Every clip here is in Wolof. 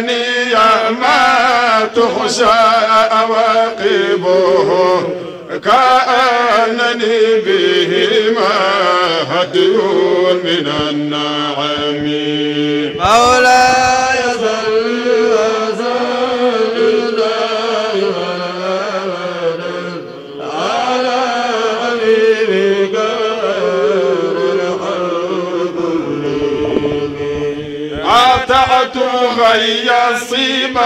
منيا ما تخشى أواقبه كأنني بهما هدي من النعمين ويا الصيبة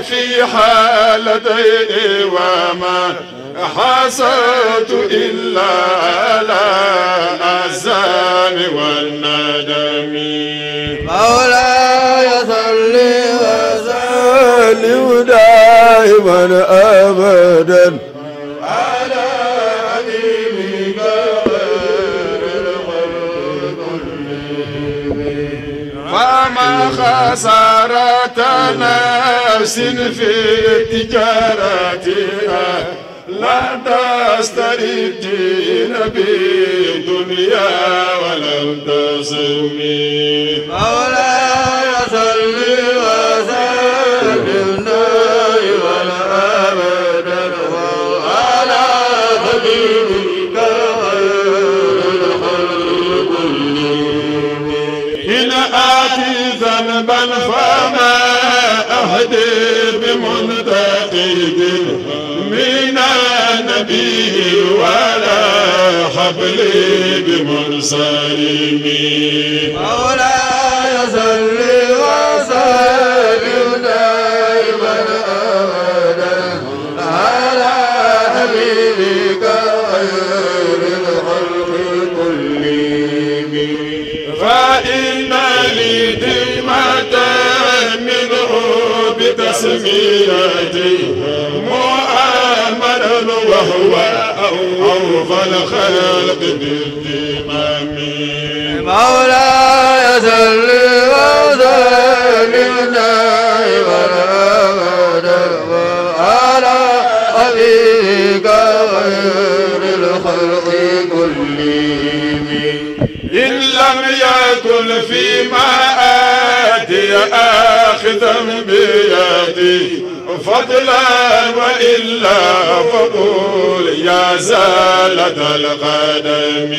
فيها لدي وما حسدت إلا على الأحزان والندم مولاي صل وسلم دائما أبدا خسارة نفس في تجارتها لا تسترجين بالدنيا ولم تسمي مولاي مولاي صلي وسلم دائما ابدا على حبيبك خير الخلق كلهم فان لي دمعه منه بتسميتي وهو أول الخلق بالإمام مولاي صل وسلم دائما على أبيك غير لم يكن فيما آتي آخذا بيدي فضلا وإلا فقول يا زالد القدم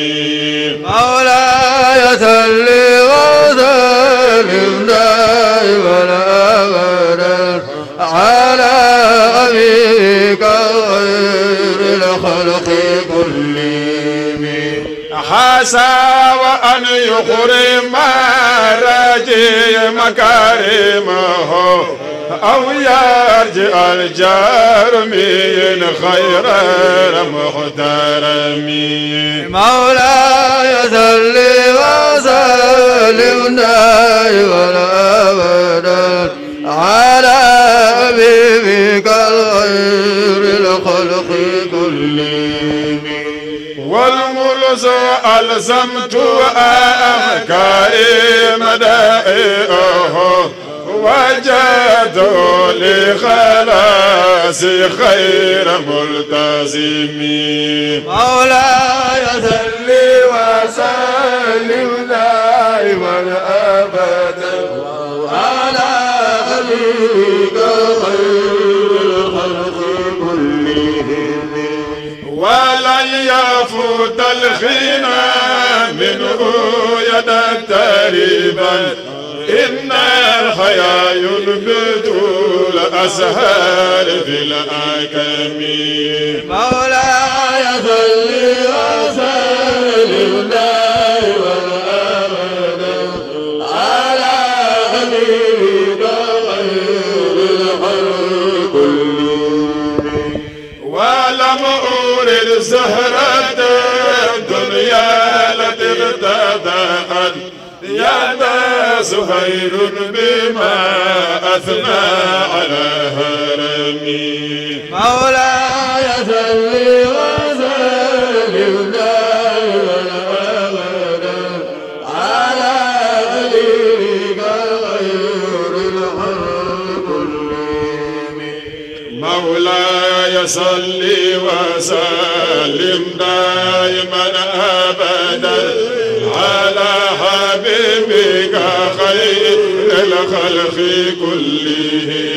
مولاي صلي وسلم دائما أبدا على أبيك غير الخلق كلهم حسن أن يخرم راجي مكارمه أو يرجع الجار من خير محترم مولاي صل وسلم دائما أبدا ألزمت أفكاري مدائعه وجدوا لخلاصي خير ملتزمين مولاي صل وسلم دائما أبدا على خليك خير الخلق كلهم يفوت الخنا منه يدا تريبا إن الحياة ينبت الأسهار في الأكم مولاي صل وسلم الزهرة الدنيا التي ارتضاءت يا زهير بما أثنى على هرمي مولاي صل وسلم على خليلك خير الخلق مولاي صلي وسلم وسلم دائما أبدا على حبيبك خير الخلق كلهم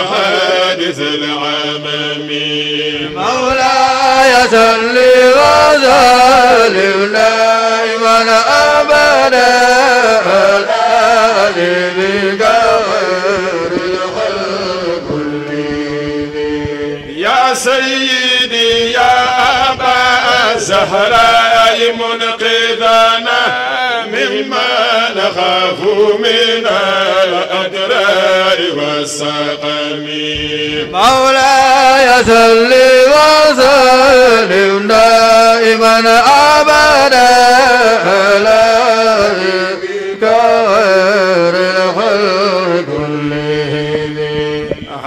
حادث العمم مولاي صلي وسلم دائما ابدا يا سيدي يا أبا زهراء من له من والسقم مولاي صلي وسلم دائما أبدا على خير الخلق كلهم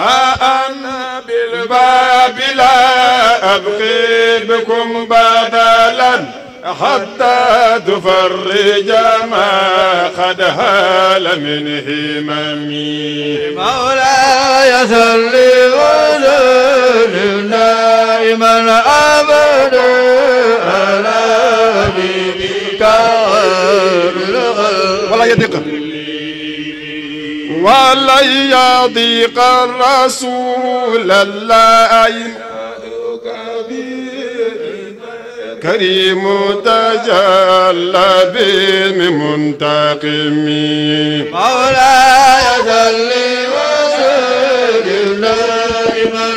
أنا بالباب لا أبقي بكم بدلا حتى تفرج ما قد هال من هممي مولاي صلي وسلم دائما ابدا على بيك ولا يضيق ولا يضيق الرسول الله كريم تجلى بمنتقم مولاي صل وسلم دائما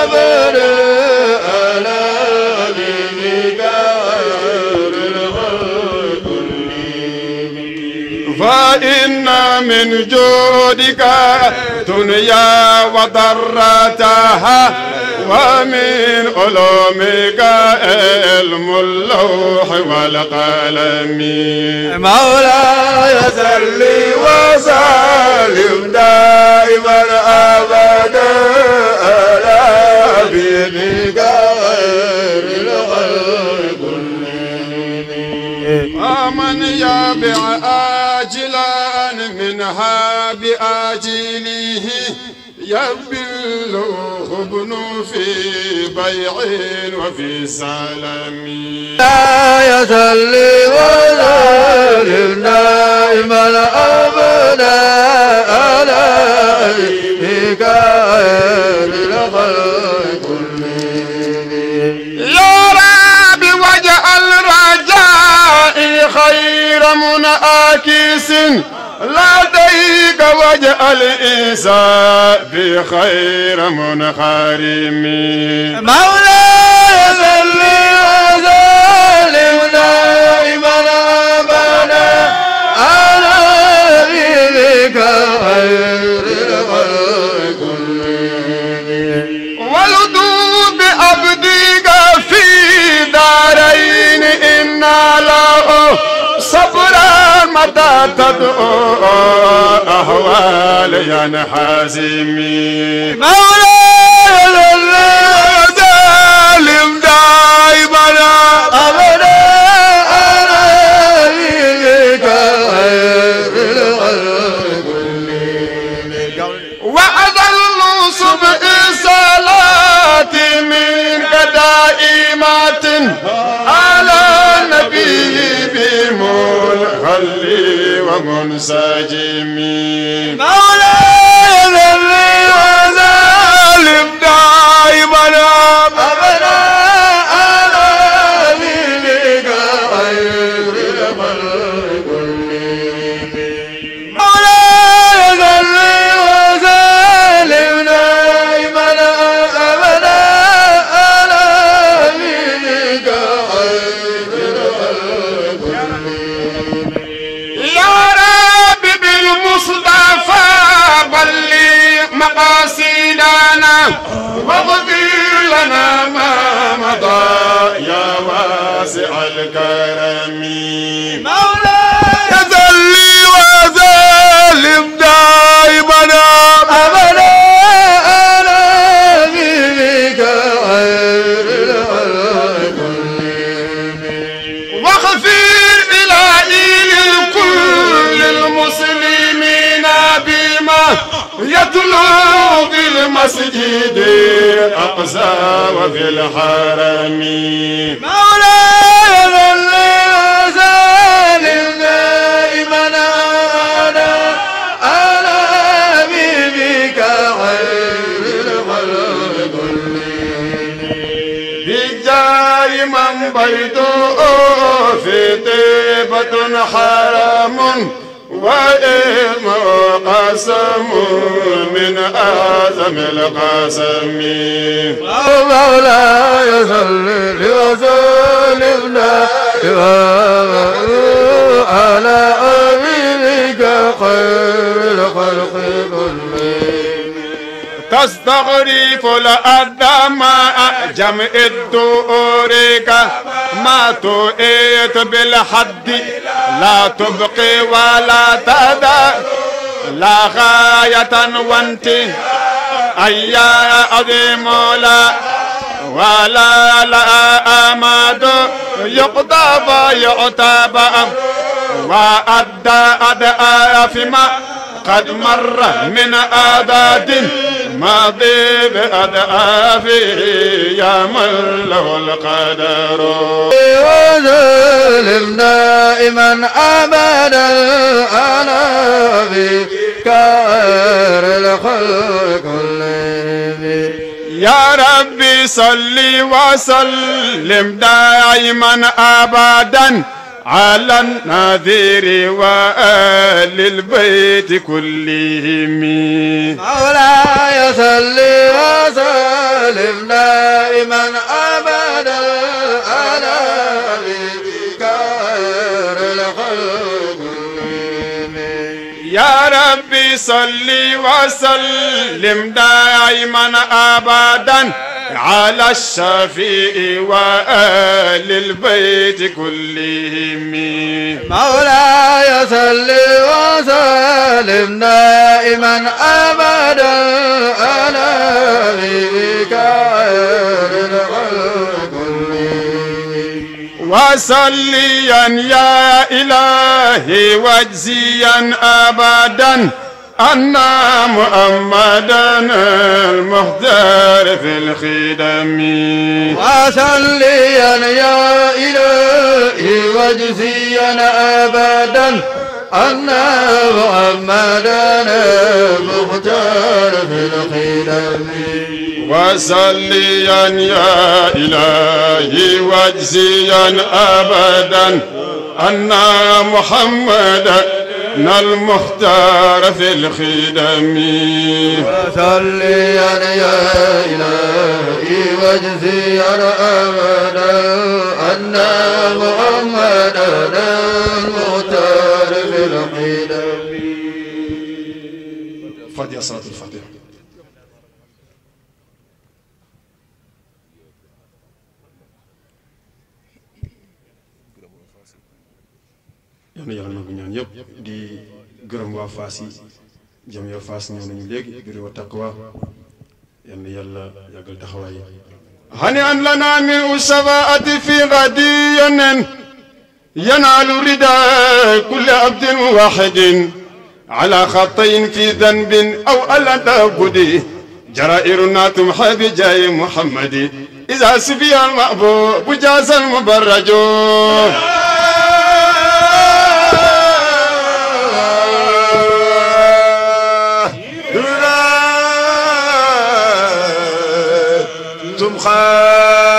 ابدا على دينك خير فان من جودك دنيا وضرتها ومن علومك علم اللوح والقلم مولاي صل وسلم دائما ابدا على بيدك بالله ابن في بيع وفي سلام لا لي ولا للنائم الأبدا عليك للخلق يا رب الرجاء خير منعكس لديك واجعل إيسى بخير منخرم مولاي تدعو يا انحازمي مولاي الظالم دائما أبدا أنا لك وعد النصب صلاتي منك دائمة gonsaji mi. واغفر لنا ما مضى المسجد الأقصى وفي الحرم مولاي الزال دائما أنا أنا بك خير الخلق بالجار من بيته في طيبة حرم وإما قسم من آدم القسم مولاي لرسول وسلم على حبيبك خير الخلق كلهم تستغرف الأدم جمع الدورك ما تؤيت بالحد لا تبقي ولا تدع لا غاية وانت أي عظيم لا ولا لا أماد يقضى ويعتبى وأدى أدى فيما قد مر من أعداد الماضي بأضعافه يا من له القدر وسلم دائما أبدا أنا في كار الخلق يا ربي صلي وسلم دائما أبدا على النذير وآل البيت كلهم مولاي صل وسلم دائما أبدا ربي صلي وسلم دائما أبدا على الشفيع وآل البيت كلهم مولاي صلي وسلم دائما أبدا على غيرك وصليا يا إلهي واجزيا أبدا أن محمدا المختار في الخدم وصليا يا إلهي واجزيا أبدا أن محمدا المختار في الخدم وصليا يا إلهي واجزيا أبدا أن محمدا المختار في الخدم وصليا يا إلهي واجزيا أبدا أن محمدا المختار في الخدم فقد صلاة الفاتحة na yàlla nangu ñaan yëpp di gërëm waa Fass yi jëm yow Fass ñëw nañu léegi biri wa taqwa yal na yàlla yàggal taxawaay yi hani an lana min usafaati fi gadi yonen yanaalu rida kulli abdin waxidin ala xatayin fi danbin aw alada gudi جرائرنا تمحى بجاي محمد إذا سفي المأبوب جاز المبرج 嗨。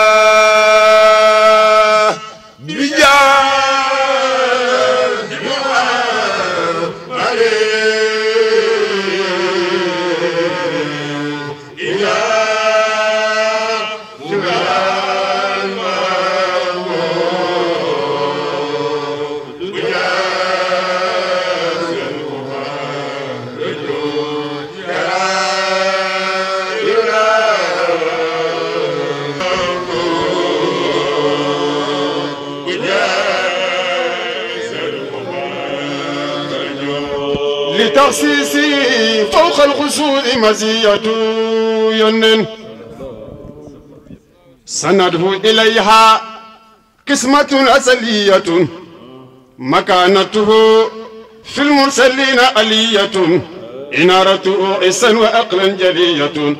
للتخصيص فوق الخصوص مزية ينن سنده إليها قسمة أسلية مكانته في المرسلين ألية إنارته إسا وأقلا جلية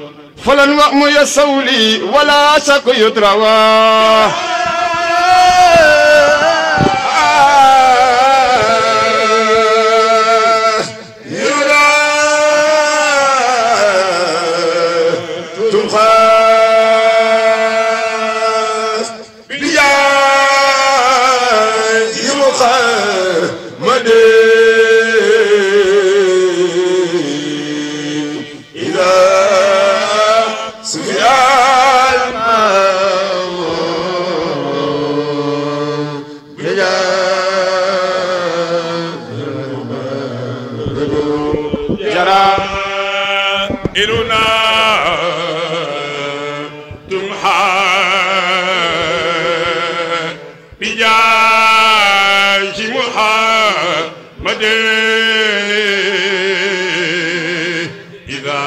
فلن وأم يسولي ولا شك يدرواه بجاه محمد إذا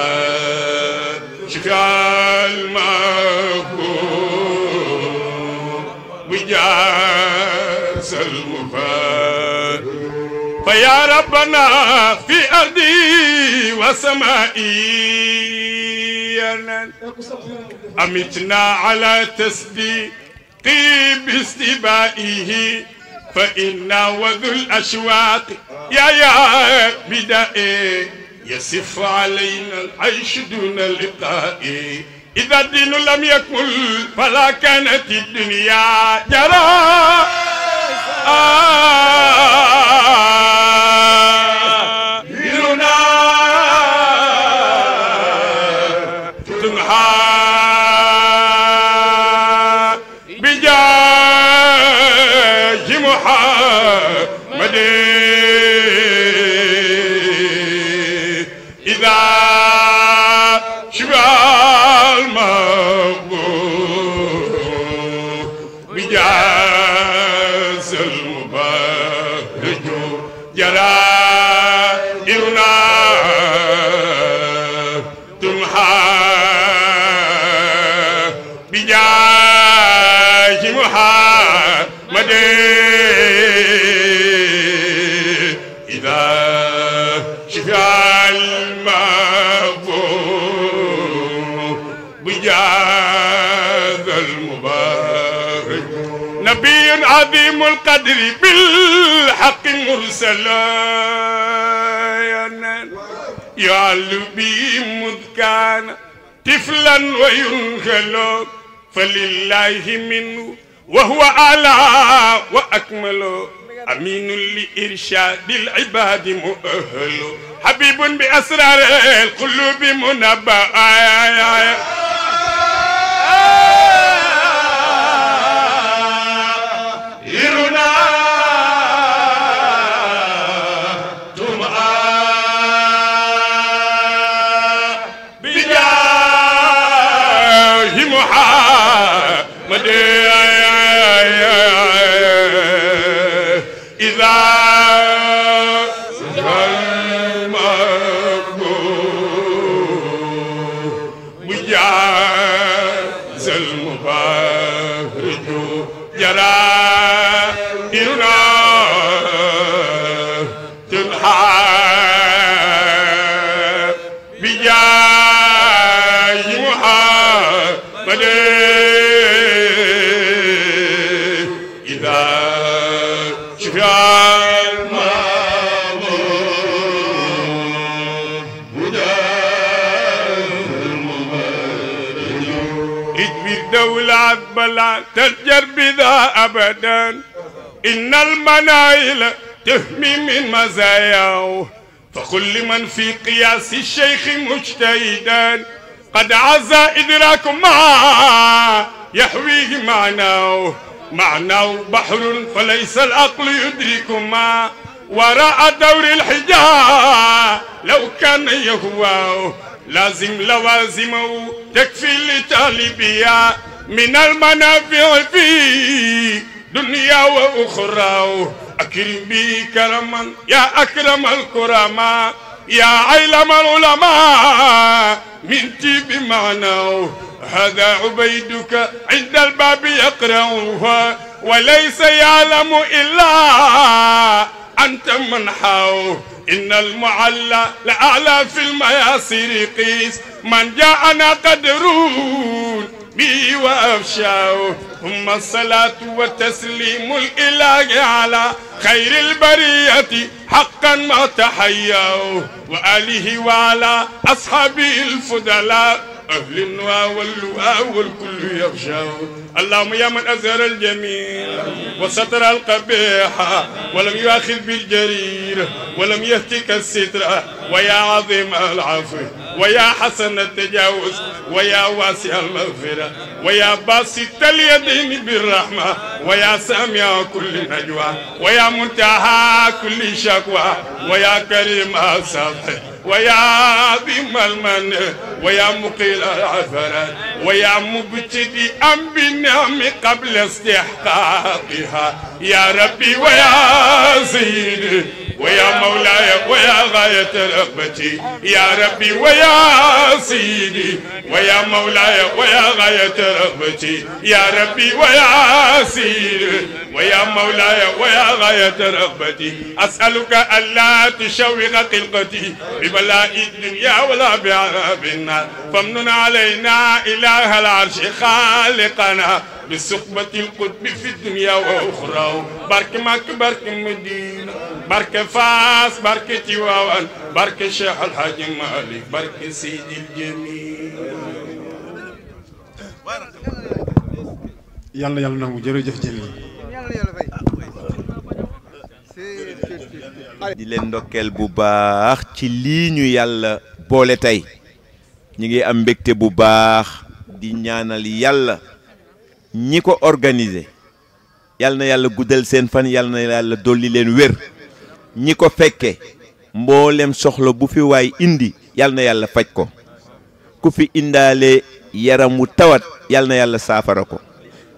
شفع المغفور وجاس المفاد فيا ربنا في أرضي وسمائي أمتنا على تسديد قي باستبائه فإن وذو الأشواق يا يا بدائي يسف علينا العيش دون لقاء إذا الدين لم يكن فلا كانت الدنيا جرى آه عظيم القدر بالحق مرسلا نان به مذ كان طفلا وينخلا فلله منه وهو أعلى وأكمل أمين لإرشاد العباد مؤهل حبيب بأسرار القلوب منبأ Karuna بذا أبدا إن المنايل تهمي من مزاياه فقل لمن في قياس الشيخ مجتهدا قد عزى إدراك ما يحويه معناه معناه بحر فليس العقل يدرك ما وراء دور الحجاب لو كان يهواه لازم لوازمه تكفي لطالبيا من المنافع في دنيا وأخرى أكرم بي كرما يا أكرم الكرماء يا علم العلماء من تيب معناه هذا عبيدك عند الباب يقرأه وليس يعلم إلا أنت من حاوه إن المعلى لأعلى في المياسر قيس من جاءنا قدرون بي وأفشاه ثم الصلاة والتسليم الإله على خير البرية حقا ما تحياه وآله وعلى أصحابه الفضلاء أهل وأول وأول كل يخشى اللهم يا من أزهر الجميل وستر القبيحة ولم يؤاخذ بالجرير ولم يهتك السترة ويا عظيم العفو ويا حسن التجاوز ويا واسع المغفرة ويا باسط اليدين بالرحمة ويا سامع كل نجوى ويا منتهى كل شكوى ويا كريم السطح ويا بم المن ويا مقيل العثرات ويا مبتدي أم بالنعم قبل استحقاقها يا ربي ويا سيدي ويا مولاي ويا غاية رغبتي يا ربي ويا سيدي ويا مولاي ويا غاية رغبتي يا ربي ويا سيدي ويا مولاي ويا غاية رغبتي أسألك ألا تشوق خلقتي بلاء الدنيا ولا بعذاب النار فامنن علينا إله العرش خالقنا بصحبة القطب في الدنيا وأخرى بارك ماك بارك مدينة بارك فاس بارك تيوان بارك شيخ الحاج مالك بارك سيد الجميل يلا يلا نعم جرجف جميل يلا يلا di leen ndokkeel bu baax ci lii ñu yàlla boole tey ñu ngi am mbégte bu baax di ñaanal yàlla ñi ko organiser yàlla na yàlla guddal seen fan yàlla na yàlla dolli leen wér ñi fekke mboolem soxla bu fi waay indi yàlla na yàlla faj ko ku fi indaale yaramu tawat yàlla na yàlla saafara ko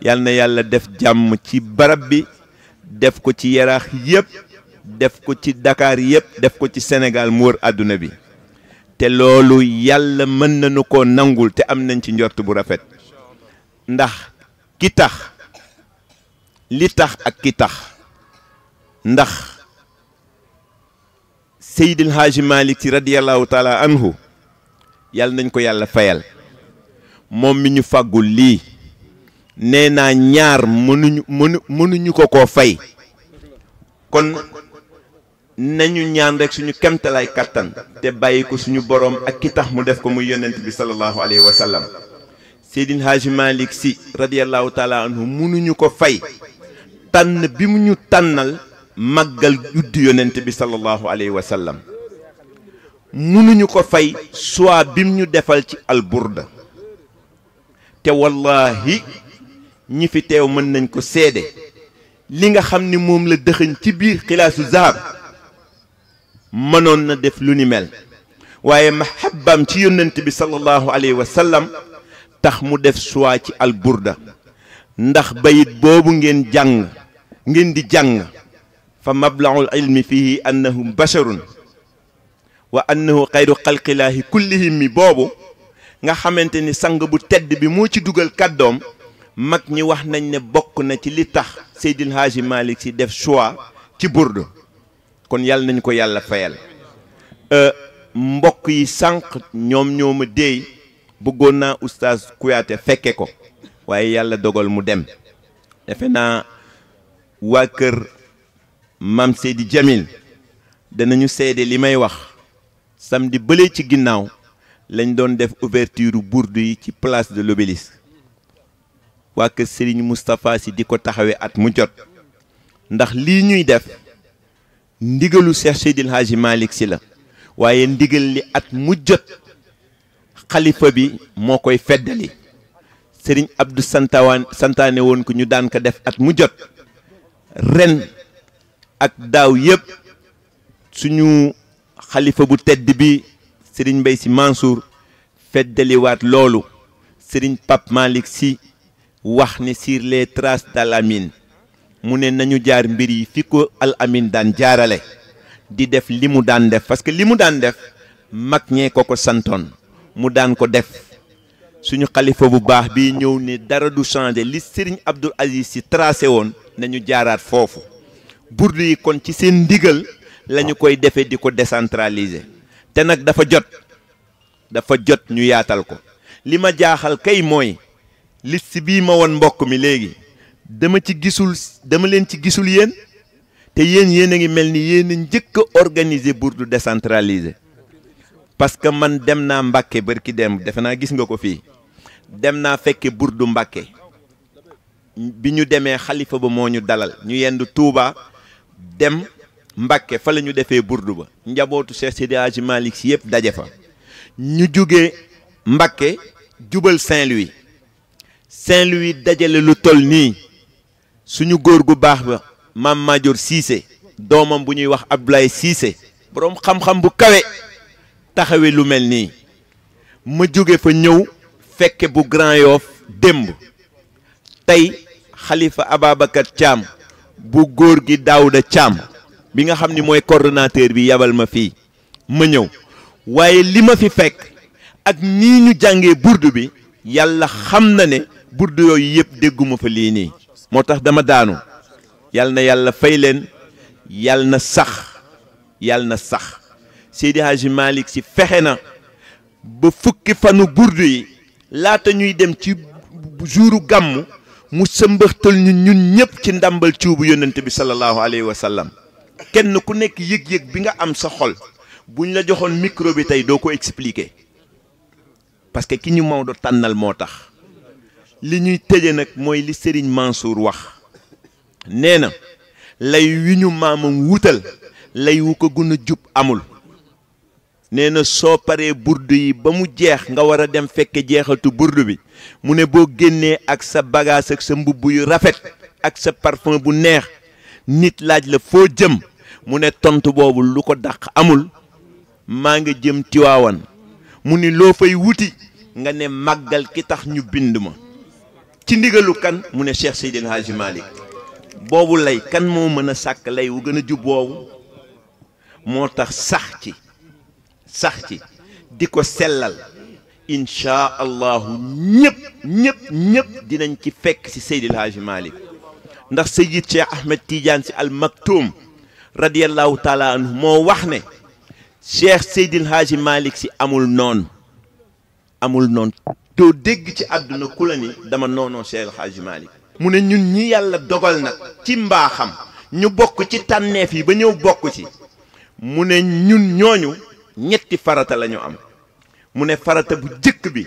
yàlla na yàlla def jàmm ci barab bi def ko ci yarax yëpp def ko ci dakaar yëpp def ko ci senegaal mu wër àdduna bi te loolu yàlla mën nañu ko nangul te am nañ ci njort bu rafet ndax ki tax li tax ak ki tax ndax Seydil Haaji Malik si radiyallahu taala anhu yàlla nañ ko yàlla fayal moom mi ñu fàggul lii nee naa ñaar mënuñu mënu mënuñu ko koo fay kon nañu ñaan rekk suñu kemtalaay kattan te bàyyi ko suñu boroom ak ki tax mu def ko muy yonent bi sallallahu alayhi wa sallam Seydil si radiyallahu taala anhu mënuñu ko fay tànn bi mu ñu tànnal màggal juddi yonent bi sallallahu alayhi wasallam mënuñu ko fay soit bim ñu defal ci alburda te wallahi ñi fi tew mën nañ ko sédé li nga xamni mom la dëxëñ ci biir khilasu zahab mënoon na def lu ni mel waye mahabbam ci yónnent bi sallallahu alayhi wa sallam tax mu def soa ci al burda ndax bayit bobu ngeen jàng ngeen di jàng fa mablaul ilmi fihi annahum basharun wa annahu khalqi xalqilaahi kullihim bobu nga xamanteni sang bu tedd bi mo ci duggal kaddom mag ñi wax nañ ne bokk na ci li tax Seydil Hadji Malick si def choix ci Bordeaux kon yàlla nañ ko yàlla fayal euh, mbokk yi sànq ñoom ñoo ma déey bëggoon naa oustaz Kouyaté fekke ko waaye yàlla dogal mu dem defe naa waa kër Mame Seydi Djamil danañu seede li may wax samedi bële ci ginnaaw lañ doon def ouverture Bordeaux yi ci place de l'Obélisque waa sëriñ Serigne Moustapha di ko taxawee at mu jot ndax lii ñuy def ndigalu Cheikh Seydil Hadji Malick Sy la waaye ndigal li at mu jot xalifa bi moo koy feddali sëriñ Abdou santaane woon ko ñu daan ko def at mu jot ren ak daaw yëpp suñu xalifa bu tedd bi sëriñ Mbaye si Mansour feddaliwaat loolu Serigne Pape Malick Sy wax ni sur les traces mu ne nañu jaar mbir yi fi ko Al Amine daan jaarale di def li mu daan def parce que li mu daan def mag ñee ko ko santoon mu daan ko def suñu xalifa bu baax bi ñëw ni dara du changé li Serigne Abdoul Aziz si tracé woon nañu jaaraat foofu burdu yi kon ci seen ndigal lañu koy defee di ko décentraliser te nag dafa jot dafa jot ñu yaatal ko li ma jaaxal kay mooy liste bii ma won mbokk mi léegi dama ci gisul dama leen ci gisul yéen te yéen yéen a ngi mel ni yéen njëkk a organiser bourde décentralisée parce que man dem naa Mbàkke barki dem defe naa gis nga ko fii dem naa fekke bourde Mbàkke bi ñu demee xalifa ba moo ñu dalal ñu yendu Tuuba dem Mbàkke fa la ñu defee bourde ba njabootu Cheikh Seydi Hadji Malick Sy yëpp daje fa ñu jóge Mbàkke jubal Saint-Louis saint wi dajale lu toll nii suñu góor gu baax ba maam Maajoor Cissé doomam bu ñuy wax Abdoulaye Cissé boroom xam-xam bu kawe taxawe lu mel nii ma jóge fa ñëw fekke bu Grand démb tey Xalifa Ababacar Thiam bu góor gi Daouda Thiam bi nga xam ni mooy coordonnateur bi yabal ma fii ma ñëw waaye li ma fi fekk ak nii ñu jàngee burdu bi yàlla xam na ne burdu yooyu yëpp dégguma fa lii nii moo tax dama daanu yal na yàlla fay leen yal na sax yal na sax Seydi Hadji si fexe na ba fukki fanu burdu yi laata ñuy dem ci juuru gàmm mu sëmbëxtal ñu ñun ñëpp ci ndàmbal cuubu yónnent bi sallallahu alayhi wa sallam kenn ku nekk yëg-yëg bi nga am sa xol buñ la joxoon micro bi tey doo ko expliquer parce que ki ñu Maodo tànnal moo tax li ñuy tëje nag mooy li Serigne Mansour wax nee na lay wi ñu maamam wutal lay wu ko gën a jub amul nee na soo paree burdu yi ba mu jeex nga war a dem fekke jeexatu burdu bi mu ne boo génnee ak sa bagage ak sa mbubb yu rafet ak sa parfum bu neex nit laaj la foo jëm mu ne tontu boobu lu ko daq amul maa nga jëm Tiwaawan mu ni loo fay wuti nga ne màggal ki tax ñu bind ma ci ndigalu kan mu ne Cheikh Seydil Hadji boobu lay kan moo mën a sàkk lay wu gën a jub boobu moo tax sax ci sax ci di ko sellal inchaa allahu ñëpp ñëpp ñëpp dinañ ci fekk ci Seydil Hadji ndax Seyyid Cheikh Ahmed Tidiane si al Maktoum radiyallahu taala moo wax ne Cheikh Seydil Hadji Malick amul noon amul noon doo dégg ci àdduna ku la ni dama noonoo Cheikh Hadji mu ne ñun ñi yàlla dogal nag ci mbaaxam ñu bokk ci tànneef yi ba ñëw bokk ci mu ne ñun ñooñu ñetti farata lañu am mu ne farata bu jëkk bi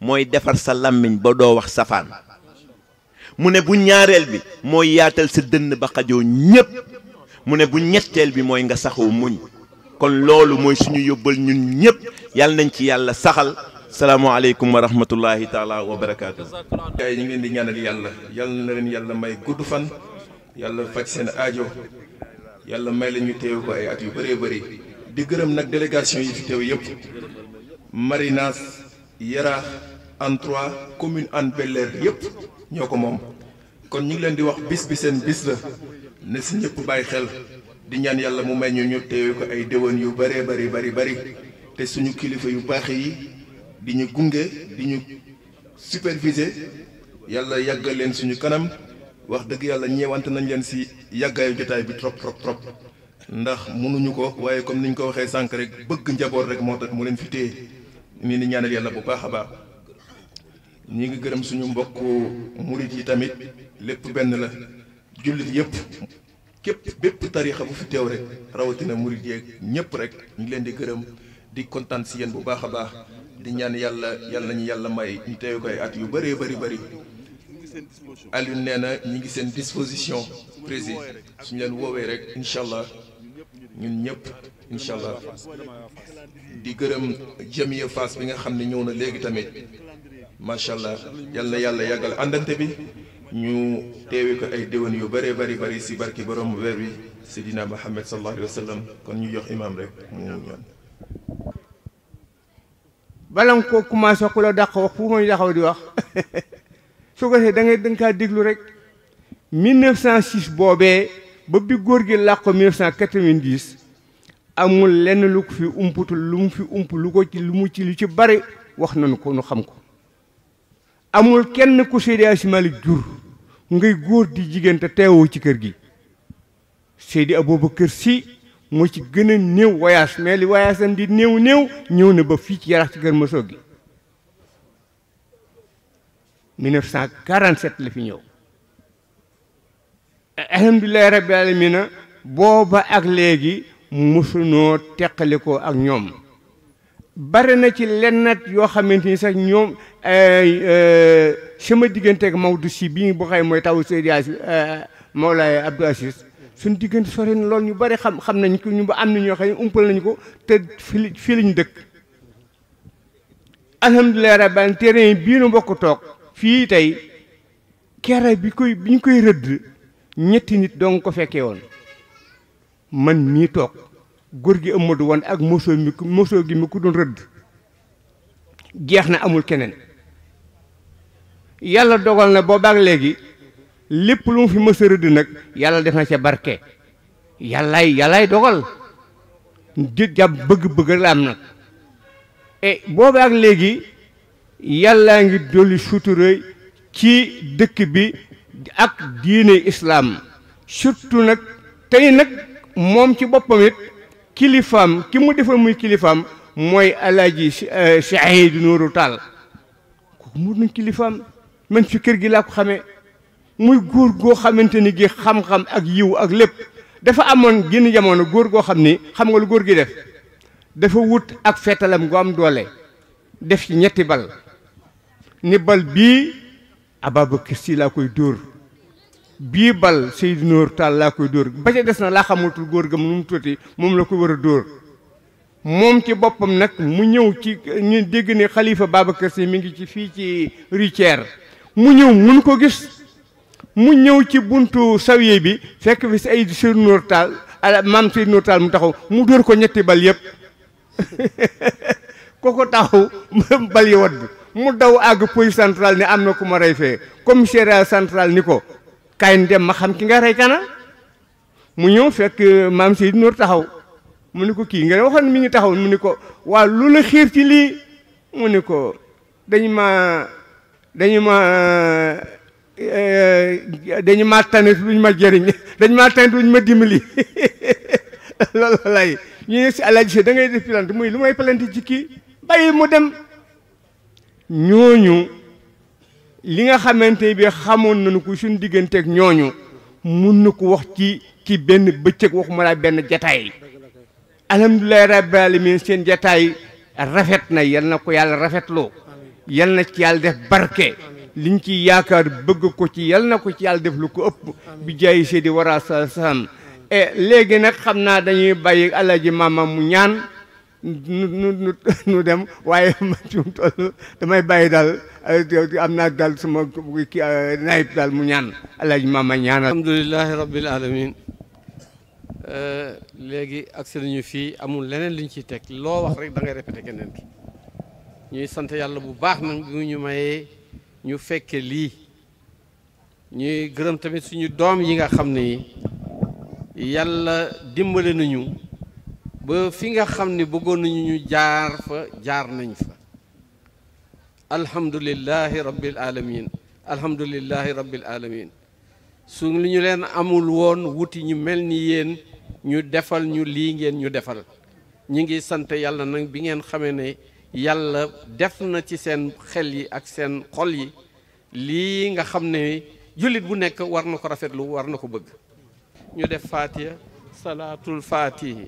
mooy defar sa làmmiñ ba doo wax safaan mu ne bu ñaareel bi mooy yaatal sa dënn ba xajoo ñépp mu ne bu ñetteel bi mooy nga saxoo muñ kon loolu mooy suñu yóbbal ñun ñépp yàlla nañ ci yàlla saxal salaamaaleykum wa rahmatullahi taala wa barakaatu. gars yi ñu ngi leen di ñaanal yàlla yàlla na leen yàlla may gudd fan yàlla faj seen aajo yàlla may la ñu teew ko ay at yu bëree bëri. di gërëm nag délégation yi fi teew yëpp Marinas Yaraax Hann Trois commune Hann Bel-Air yëpp ñoo ko moom kon ñu ngi leen di wax bis bi seen bis la ne si ñëpp bàyyi xel di ñaan yàlla mu may ñu ñu teew ko ay déwén yu bëree bëri bëri bëri te suñu kilifa yu baax yi. di ñu gunge di ñu superviser yàlla yàggal leen suñu kanam wax dëgg yàlla ñeewante nañ leen si yàggaayu jotaay bi trop trop trop ndax mënuñu ko waaye comme ni ñu ko waxee sànq rek bëgg njaboot rek moo tax mu leen fi téye ni ni ñaanal yàlla bu baax a baax ñi ngi gërëm suñu mbokk murit yi tamit lépp benn la jullit yëpp képp bépp tariixa bu fi teew rek rawatina murit yeeg ñëpp rek ñu leen di gërëm di kontaan si yéen bu baax a baax di ñaan yàlla yàlla nañu yàlla may ñu teew koy at yu bëree bëri bëri Alioune nee na ñu ngi seen disposition président suñu leen woowee rek incha allah ñun ñëpp incha allah di gërëm Jamia Fass bi nga xam ne ñëw na léegi tamit macha allah yàlla yàlla yàggal àndante bi ñu teewee ko ay déwén yu bëree bëri bëri si barki borom weer bi Seydina Mohamed sallallahu alayhi wa sallam kon ñu jox imam rek mu ñaan. bala nga ko commencé ku la dàq wax fu muy taxaw di wax su ko defee da ngay da kaa déglu rek 1906 boobee ba bi góor gi làq ko 1990 amul lenn lu ko fi umputul lu mu fi ump lu ko ci lu mu ci lu ci bari wax nañu ko nu xam ko amul kenn ku Seydi Hadji Malick jur ngay góor di jigéen te teewoo ci kër gi Seydi Aboubacar Sy moo ci gën a néew voyage mais li voyage am di néew néew ñëw na ba fii ci yarax ci kër Massor gi 1947 la fi ñëw alhamdulilahi rabbi alamina booba ak léegi mosunoo teqalikoo ak ñoom bari na ci lennat yoo xamante ni sax ñoom euh, sama diggante ak Maodo si bi bu xëy mooy taw Seydi Asi euh, Mawlaay Abdou Aziz suñ diggante sori na lool ñu bari xam xam nañu ko ñu ba am na ñoo xam ne umpal nañu ko te fi fii lañu dëkk alhamdulilah rabban terrain bii nu mbokk toog fii tey kere bi koy bi ñu koy rëdd ñetti nit dong ko fekkee woon man mii toog góor gi Amadou woon ak mosoo mi mosoo gi mi ku doon rëdd geex na amul keneen yàlla dogal na boo boobaak léegi lépp lu mu fi mës a nag yàlla def na ca barke yàllaay yàllaay dogal di jàpp bëgg-bëgg la am nag e ak léegi yàllaa ngi dolli sutura ci dëkk bi ak diine islaam surtout nag tey nag moom ci boppam it kilifaam ki mu defal muy kilifaam mooy alaaji euh, Saïd Nourou Tall kooku mu nuñ kilifaam man fi kër gi laa ko xamee muy góor goo xamante ni gi xam-xam ak yiw ak lépp dafa amoon génn jamono góor goo xam ni xam nga lu góor gi def dafa wut ak feetalam gu am doole def ci ñetti bal ni bal bii Ababacar Si laa koy dóor bii bal Seydou Noor Tall laa koy dóor ba ca des na laa xamatul góor gam nu mu tuuti moom la ko war a dóor moom ci boppam nag mu ñëw ci ñu dégg ni xalifa Babacar Si mi ngi ci fii ci Rivière mu ñëw mun ko gis mu ñëw ci buntu sawiye bi fekk fi si ay Sëriñ Nuur Taal maam Sëriñ Nuur Taal mu taxaw mu dóor ko ñetti bal yëpp koko taxaw bal yi wadd mu daw àgg police centrale ni am na ku ma rey fee commissariat central ni ko kaay dem ma xam ki nga rey kana mu ñëw fekk euh, maam Sëriñ Nuur taxaw mu ni ko kii nga waxoon mi ngi taxaw mu ni ko waa lu la xiir ci lii mu ni ko dañu ma dañu ma Eh, dañu ma tane duñ ma jëriñ dañ ma tane duñ ma dimbali loolu lay ñu ne si alaji da ngay def plante muy lu may plante ci kii bàyyi mu dem ñooñu li nga xamante bi xamoon nañu ko suñ digganteeg ñooñu mun na ko wax ci ci benn bëccëg waxuma laa benn jataay alhamdulilahi rabbil alamin seen jataay rafet na yal ko yàlla rafetloo yal ci yàlla def barke liñ ci yaakaar bëgg ko ci yal na ko ci yàlla def lu ko ëpp bi jaayi seedi wara sa sam e léegi nag xam naa dañuy bàyyi alaji maama mu ñaan nu dem waaye ma ci mu toll damay bàyyi daal eh, am naa daal sama eh, nayib daal mu ñaan alaji maama ñaanal alhamdulilahi rabbil alamin eh, léegi agsi nañu fii amul leneen liñ ciy teg loo wax rek da ngay répété keneen ki ñuy sant yàlla bu baax nag ñu mayee ñu fekke lii ñuy gërëm tamit suñu doom yi nga xam ni yàlla dimbale nañu ba fi nga xam ni bëggoon nañu ñu jaar fa jaar nañ fa alhamdulillahi rabbil alamin alhamdulillahi rabbil alamin su li ñu leen amul woon wuti ñu mel ni yéen ñu defal ñu lii ngeen ñu defal ñu ngi sant yàlla nag bi ngeen xamee ne yàlla def na ci seen xel yi ak seen xol yi lii nga xam ne jullit bu nekk war na ko rafetlu war na ko bëgg ñu def fatiha salatul fatihi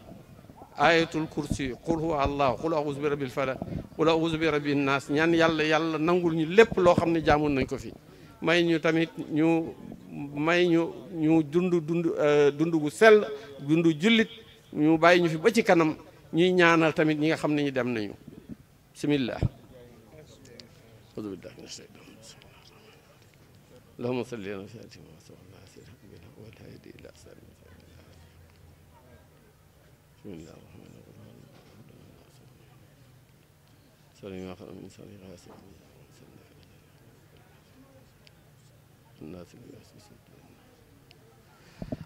ayatul kursi qul huwa allah qul a'udhu bi rabbil falaq qul a'udhu bi rabbin nas ñaan yàlla yàlla nangul ñu lépp lo xam jamon nañ ko fi may ñu tamit ñu may ñu ñu dund dund dundu gu sel dundu julit ñu bàyyi ñu fi ba ci kanam ñuy ñaanal tamit ñi nga xam ñu dem nañu بسم الله أعوذ بالله من الشيطان اللهم صل على سيدنا وصلى الله عليه والهادي إلى سبيل بسم الله الرحمن الرحيم سلم آخر من سلم غاسق الناس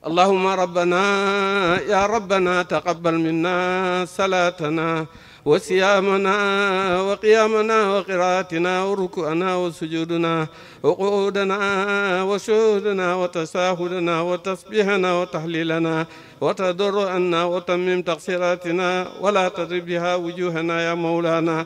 اللهم ربنا يا ربنا تقبل منا صلاتنا وصيامنا وقيامنا وقراءتنا وركوعنا وسجودنا وقعودنا وشهودنا وتساهلنا وتسبيحنا وتحليلنا وتضرعنا وتمم تقصيراتنا ولا تضرب بها وجوهنا يا مولانا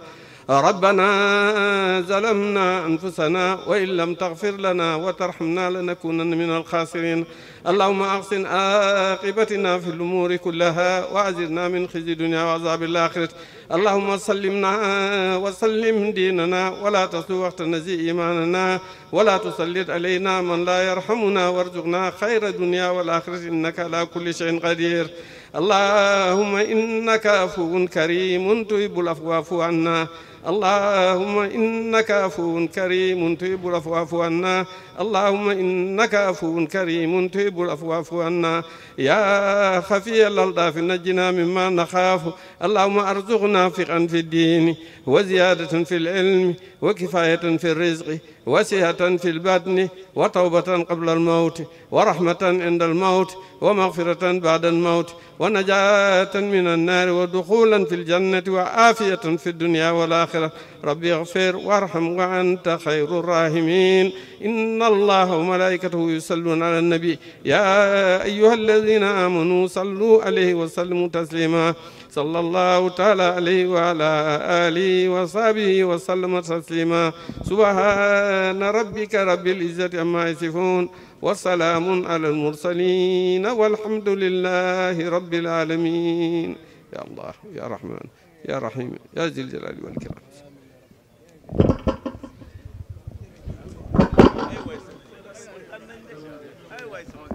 ربنا ظلمنا أنفسنا وإن لم تغفر لنا وترحمنا لنكونن من الخاسرين اللهم أحسن عاقبتنا في الأمور كلها وأجرنا من خزي الدنيا وعذاب الآخرة اللهم سلمنا وسلم ديننا ولا تسلو وقت إيماننا ولا تسلط علينا من لا يرحمنا وارزقنا خير الدنيا والآخرة إنك على كل شيء قدير اللهم إنك عفو كريم تهب العفو عنا اللهم إنك عفو كريم تحب العفو فاعف عنا اللهم إنك عفو كريم تحب العفو فاعف عنا يا خفي الألطاف نجنا مما نخاف اللهم أرزقنا فقا في الدين وزيادة في العلم وكفاية في الرزق وسهة في البدن وتوبة قبل الموت ورحمة عند الموت ومغفرة بعد الموت ونجاة من النار ودخولا في الجنة وعافية في الدنيا والآخرة ربي اغفر وارحم وأنت خير الراحمين إن الله وملائكته يصلون على النبي يا أيها الذين آمنوا صلوا عليه وسلموا تسليما صلى الله تعالى عليه وعلى آله وصحبه وسلم تسليما سبحان ربك رب العزة عما يصفون وسلام على المرسلين والحمد لله رب العالمين يا الله يا رحمن يا رحيم يا ذي الجلال والإكرام أيوة